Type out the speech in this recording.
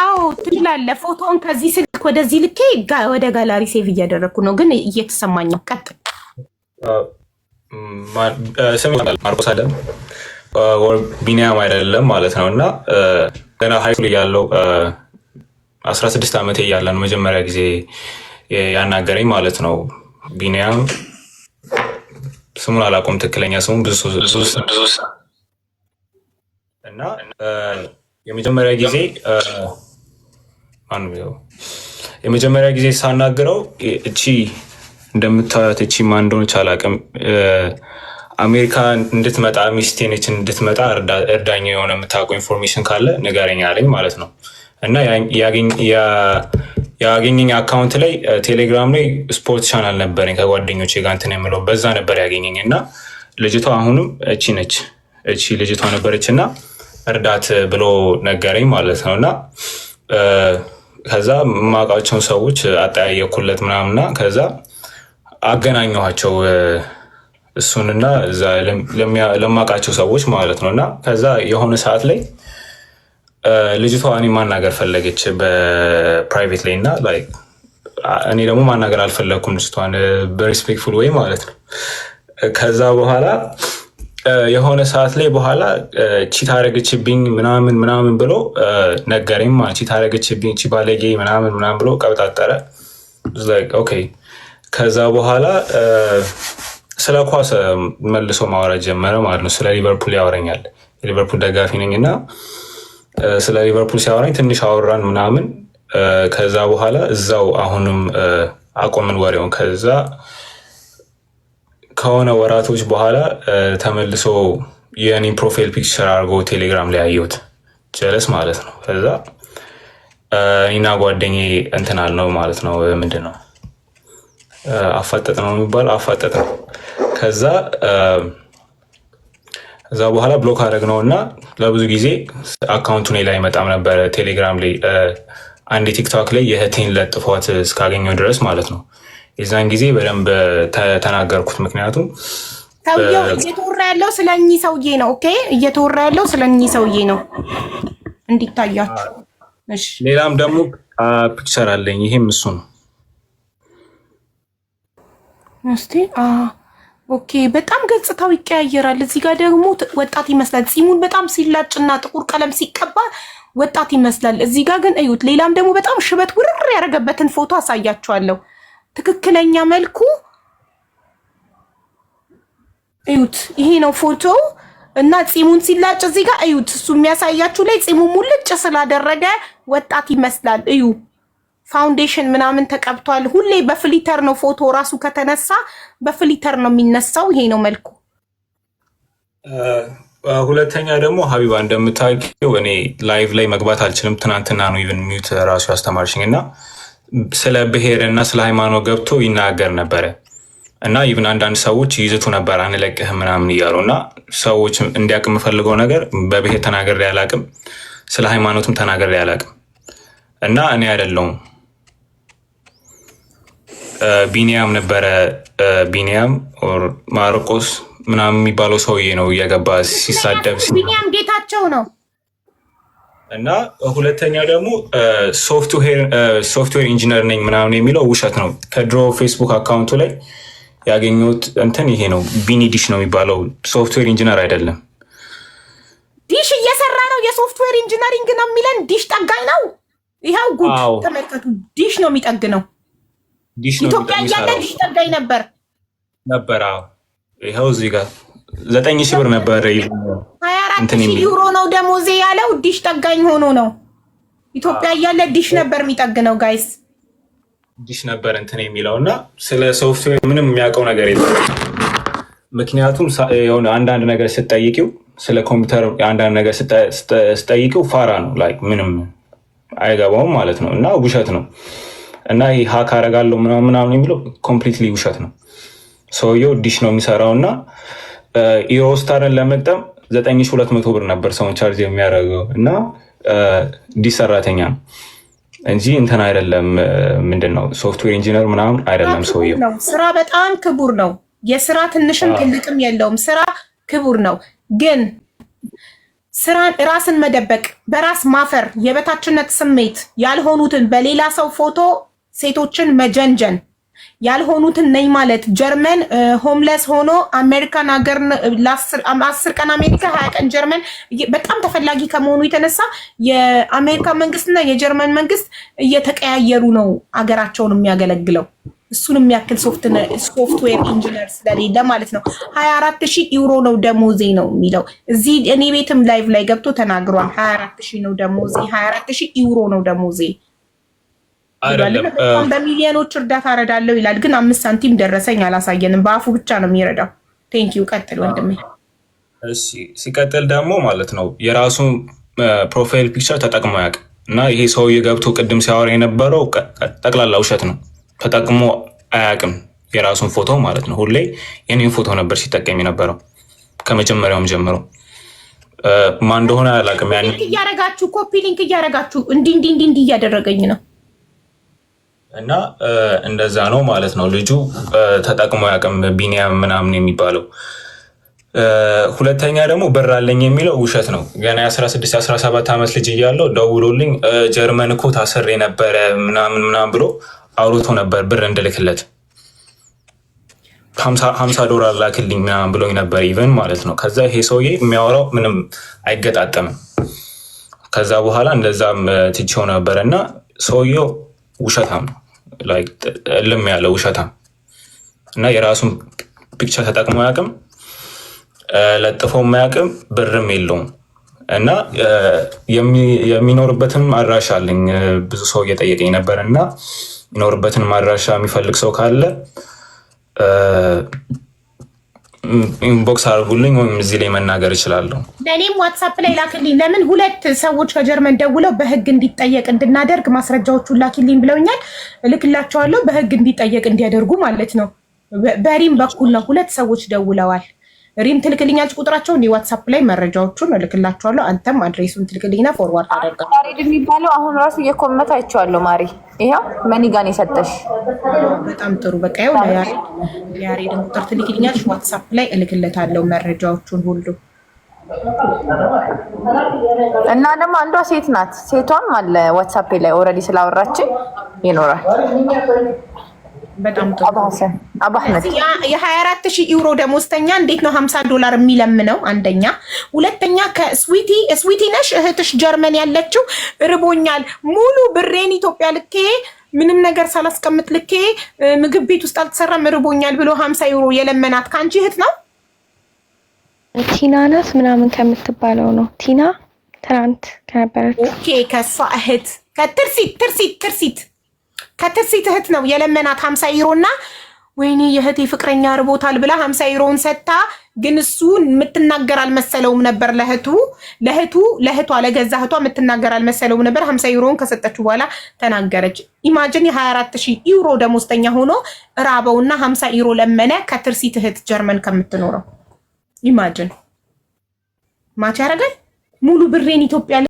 አዎ ትላለ። ፎቶውን ከዚህ ስልክ ወደዚህ ልኬ ወደ ጋላሪ ሴቭ እያደረግኩ ነው፣ ግን እየተሰማኝ ነው። ቀጥል። ስሜ ማርቆስ አለም ቢኒያም አይደለም ማለት ነው። እና ገና ሀይስኩል ያለው አስራ ስድስት ዓመቴ እያለ ነው መጀመሪያ ጊዜ ያናገረኝ ማለት ነው። ቢኒያም ስሙን አላውቅም፣ ትክክለኛ ስሙን ብዙ እና የመጀመሪያ ጊዜ የመጀመሪያ ጊዜ ሳናግረው እቺ እንደምታዩት እቺ ማን እንደሆነች አላውቅም። አሜሪካ እንድትመጣ ሚስቴ ነች እንድትመጣ እርዳኛ የሆነ የምታውቀው ኢንፎርሜሽን ካለ ንገረኝ አለኝ ማለት ነው። እና ያገኘኝ አካውንት ላይ ቴሌግራም ላይ ስፖርት ቻናል ነበረኝ ከጓደኞቼ ጋር እንትን የምለው በዛ ነበር ያገኘኝ። እና ልጅቷ አሁንም እቺ ነች እቺ ልጅቷ ነበረች እና እርዳት ብሎ ነገረኝ ማለት ነው እና ከዛ ማውቃቸውን ሰዎች አጠያየኩለት ምናምና ከዛ አገናኘኋቸው እሱንና እዛ ለማውቃቸው ሰዎች ማለት ነው። እና ከዛ የሆነ ሰዓት ላይ ልጅቷ እኔ ማናገር ፈለገች በፕራይቬት ላይ እና እኔ ደግሞ ማናገር አልፈለግኩም ልጅቷን በሪስፔክትፉል ወይ ማለት ነው። ከዛ በኋላ የሆነ ሰዓት ላይ በኋላ ቺት አረገችብኝ ምናምን ምናምን ብሎ ነገረኝ። ቺት አረገችብኝ ቺ ባለጌ ምናምን ምናምን ብሎ ቀብጣጠረ። ኦኬ ከዛ በኋላ ስለ ኳስ መልሶ ማውራት ጀመረ ማለት ነው። ስለ ሊቨርፑል ያወረኛል። የሊቨርፑል ደጋፊ ነኝ እና ስለ ሊቨርፑል ሲያወራኝ ትንሽ አወራን ምናምን። ከዛ በኋላ እዛው አሁንም አቆምን ወሬውን ከዛ ከሆነ ወራቶች በኋላ ተመልሶ የኔ ፕሮፋይል ፒክቸር አድርጎ ቴሌግራም ላይ አየሁት፣ ጀለስ ማለት ነው። ከዛ እኔና ጓደኛ እንትን አልነው ማለት ነው። ምንድን ነው አፋጠጥ ነው የሚባል አፋጠጥ ነው። ከዛ እዛ በኋላ ብሎክ አድረግ ነው እና ለብዙ ጊዜ አካውንቱ እኔ ላይ መጣም ነበረ ቴሌግራም ላይ አንድ ቲክቶክ ላይ የእህቴን ለጥፏት እስካገኘው ድረስ ማለት ነው። የዛን ጊዜ በደንብ ተናገርኩት። ምክንያቱም ሰውየው እየተወራ ያለው ስለ እኚህ ሰውዬ ነው። ኦኬ፣ እየተወራ ያለው ስለ እኚህ ሰውዬ ነው እንዲታያችሁ። ሌላም ደግሞ ፒክቸር አለኝ። ይሄም እሱ ነው። እስቲ ኦኬ፣ በጣም ገጽታው ይቀያየራል። እዚህ ጋር ደግሞ ወጣት ይመስላል። ጺሙን በጣም ሲላጭና ጥቁር ቀለም ሲቀባ ወጣት ይመስላል። እዚህ ጋር ግን እዩት። ሌላም ደግሞ በጣም ሽበት ውርር ያደረገበትን ፎቶ አሳያችኋለሁ። ትክክለኛ መልኩ እዩት። ይሄ ነው ፎቶ እና ፂሙን ሲላጭ እዚህ ጋር እዩት። እሱ የሚያሳያችሁ ላይ ፂሙ ሙልጭ ስላደረገ ወጣት ይመስላል። እዩ ፋውንዴሽን ምናምን ተቀብቷል። ሁሌ በፍሊተር ነው ፎቶ ራሱ ከተነሳ በፍሊተር ነው የሚነሳው። ይሄ ነው መልኩ። ሁለተኛ ደግሞ ሀቢባ እንደምታውቂው እኔ ላይቭ ላይ መግባት አልችልም። ትናንትና ነው ኢቨን ሚውት ራሱ ያስተማርሽኝ እና ስለ ብሔር ስለ ሃይማኖት ገብቶ ይናገር ነበረ እና ይብን አንዳንድ ሰዎች ይዝቱ ነበር አንለቅህ ምናምን እያሉ እና ሰዎች እንዲያውቅ የምፈልገው ነገር በብሔር ተናገር ያላቅም ስለ ሃይማኖትም ተናገር አላቅም እና እኔ አይደለውም። ቢኒያም ነበረ ቢኒያም ማርቆስ ምናምን የሚባለው ሰውዬ ነው እየገባ ሲሳደብ ቢኒያም ጌታቸው ነው። እና ሁለተኛው ደግሞ ሶፍትዌር ኢንጂነር ነኝ ምናምን የሚለው ውሸት ነው። ከድሮ ፌስቡክ አካውንቱ ላይ ያገኘሁት እንትን ይሄ ነው። ቢኒዲሽ ነው የሚባለው። ሶፍትዌር ኢንጂነር አይደለም። ዲሽ እየሰራ ነው። የሶፍትዌር ኢንጂነሪንግ ነው የሚለን። ዲሽ ጠጋኝ ነው። ይኸው ጉድ ተመልከቱ። ዲሽ ነው የሚጠግ ነው። ኢትዮጵያ እያለ ዲሽ ጠጋኝ ነበር ነበር። ይኸው እዚህ ጋር ዘጠኝ ሺህ ብር ነበር ሀያ አራት ሺህ ዩሮ ነው ደሞዜ ያለው። ዲሽ ጠጋኝ ሆኖ ነው። ኢትዮጵያ እያለ ዲሽ ነበር የሚጠግነው። ጋይስ ዲሽ ነበር እንትን የሚለው እና ስለ ሶፍትዌር ምንም የሚያውቀው ነገር የለም። ምክንያቱም የሆነ አንዳንድ ነገር ስጠይቂው ስለ ኮምፒውተር አንዳንድ ነገር ስጠይቂው ፋራ ነው፣ ላይክ ምንም አይገባውም ማለት ነው እና ውሸት ነው እና ይህ ሀክ አረጋለሁ ምናምን የሚለው ኮምፕሊትሊ ውሸት ነው። ሰውየው ዲሽ ነው የሚሰራው እና ኢሮስታርን ለመጠም 9200 ብር ነበር ሰውን ቻርጅ የሚያደርገው እና ዲስ ሰራተኛ ነው እንጂ እንትን አይደለም። ምንድን ነው ሶፍትዌር ኢንጂነር ምናምን አይደለም ሰውየው። ስራ በጣም ክቡር ነው። የስራ ትንሽም ትልቅም የለውም። ስራ ክቡር ነው። ግን ስራን ራስን መደበቅ፣ በራስ ማፈር፣ የበታችነት ስሜት ያልሆኑትን በሌላ ሰው ፎቶ ሴቶችን መጀንጀን ያልሆኑትን ነኝ ማለት ጀርመን ሆምለስ ሆኖ አሜሪካን ሀገር አስር ቀን አሜሪካ ሀያ ቀን ጀርመን በጣም ተፈላጊ ከመሆኑ የተነሳ የአሜሪካ መንግስትና የጀርመን መንግስት እየተቀያየሩ ነው ሀገራቸውን የሚያገለግለው። እሱን የሚያክል ሶፍትዌር ኢንጂነር ስለሌለ ማለት ነው። ሀያ አራት ሺህ ዩሮ ነው ደሞዜ ነው የሚለው እዚህ እኔ ቤትም ላይቭ ላይ ገብቶ ተናግሯል። ሀያ አራት ሺህ ነው ደሞዜ፣ ሀያ አራት ሺህ ዩሮ ነው ደሞዜ በሚሊዮኖች እርዳታ እረዳለሁ ይላል፣ ግን አምስት ሳንቲም ደረሰኝ አላሳየንም። በአፉ ብቻ ነው የሚረዳው። ቴንኪዩ። ቀጥል ወንድሜ። እሺ፣ ሲቀጥል ደግሞ ማለት ነው የራሱ ፕሮፋይል ፒክቸር ተጠቅሞ ያውቅ እና ይሄ ሰውዬ ገብቶ ቅድም ሲያወራ የነበረው ጠቅላላ ውሸት ነው። ተጠቅሞ አያውቅም የራሱን ፎቶ ማለት ነው። ሁሌ የኔን ፎቶ ነበር ሲጠቀም የነበረው ከመጀመሪያውም ጀምሮ ማን እንደሆነ አላውቅም። ያን እያረጋችሁ ኮፒ ሊንክ እያረጋችሁ እንዲህ እንዲህ እንዲህ እያደረገኝ ነው እና እንደዛ ነው ማለት ነው። ልጁ ተጠቅሞ ያቅም ቢኒያም ምናምን የሚባለው ሁለተኛ ደግሞ ብር አለኝ የሚለው ውሸት ነው። ገና የ16 17 ዓመት ልጅ እያለው ደውሎልኝ ጀርመን እኮ ታስሬ ነበረ ምናምን ምናምን ብሎ አውርቶ ነበር ብር እንድልክለት ሀምሳ ዶላር ላክልኝ ምናምን ብሎኝ ነበር ኢቨን ማለት ነው። ከዛ ይሄ ሰውዬ የሚያወራው ምንም አይገጣጠምም። ከዛ በኋላ እንደዛም ትቼው ነበር እና ሰውየው ውሸታም ነው። እልም ያለ ውሸታም እና የራሱን ፒክቸር ተጠቅሞ አያውቅም፣ ለጥፎ አያውቅም፣ ብርም የለውም እና የሚኖርበትን አድራሻ አለኝ። ብዙ ሰው እየጠየቀኝ ነበር እና የሚኖርበትን አድራሻ የሚፈልግ ሰው ካለ ኢንቦክስ አድርጉልኝ ወይም እዚህ ላይ መናገር እችላለሁ። በእኔም ዋትሳፕ ላይ ላክልኝ። ለምን ሁለት ሰዎች ከጀርመን ደውለው በህግ እንዲጠየቅ እንድናደርግ ማስረጃዎቹን ላክልኝ ብለውኛል። እልክላቸዋለሁ። በህግ እንዲጠየቅ እንዲያደርጉ ማለት ነው። በሪም በኩል ነው። ሁለት ሰዎች ደውለዋል። ሪም ትልክልኛለች እንዲ ዋትሳፕ ላይ መረጃዎቹን እልክላቸዋለሁ። አንተም አድሬሱን ትልክልኝና ፎርዋርድ ታደርጋለህ። የሚባለው አሁን ራሱ እየኮመት አይቼዋለሁ። ማሪ ይኸው መኒጋን የሰጠሽ በጣም ጥሩ። በቃ ይኸው የያሬድን ቁጥር ትልክልኛለች ዋትሳፕ ላይ እልክለታለሁ መረጃዎቹን ሁሉ እና ደግሞ አንዷ ሴት ናት። ሴቷም አለ ዋትሳፕ ላይ ኦልሬዲ ስላወራችን ይኖራል የሀያ አራት ሺህ ዩሮ ደሞዝተኛ እንዴት ነው ሀምሳ ዶላር የሚለምነው? አንደኛ። ሁለተኛ ከስዊቲ ስዊቲ ነሽ እህትሽ ጀርመን ያለችው ርቦኛል፣ ሙሉ ብሬን ኢትዮጵያ ልኬ ምንም ነገር ሳላስቀምጥ ልኬ ምግብ ቤት ውስጥ አልተሰራም ርቦኛል ብሎ ሀምሳ ዩሮ የለመናት ከአንቺ እህት ነው ቲና ምናምን ከምትባለው ነው ቲና ትናንት ከነበረች ኦኬ ከእሷ እህት ከትርሲት ትርሲት ትርሲት ከትፊት እህት ነው የለመናት ሀምሳ ዩሮ ዩሮና ወይኔ የእህቴ ፍቅረኛ ርቦታል ብላ ሀምሳ ዩሮውን ሰጥታ፣ ግን እሱ የምትናገር አልመሰለውም ነበር። ለእህቱ ለእህቱ ለእህቷ ለገዛ እህቷ የምትናገር አልመሰለውም ነበር። ሀምሳ ዩሮውን ከሰጠችው በኋላ ተናገረች። ኢማጅን የ አራት ሺህ ዩሮ ደሞዝተኛ ሆኖ ራበውና ሀምሳ ዩሮ ለመነ ከትርሲት እህት ጀርመን ከምትኖረው ኢማጅን ማች ያደርጋል ሙሉ ብሬን ኢትዮጵያ